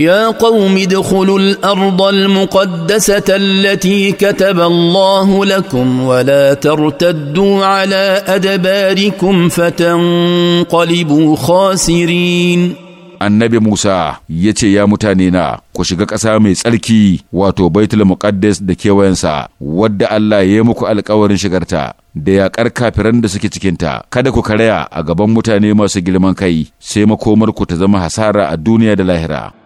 يا قوم ادخلوا الارض المقدسه التي كتب الله لكم ولا ترتدوا على ادباركم فتنقلبوا خاسرين annabi Musa ya ce ya mutane na ku shiga ƙasa mai tsarki wato baitul muqaddas da kewayensa wadda Allah ya yi muku alkawarin shigarta da yaƙar kafiran da suke cikinta kada ku karaya a gaban mutane masu girman kai sai makomar ku ta zama hasara a duniya da lahira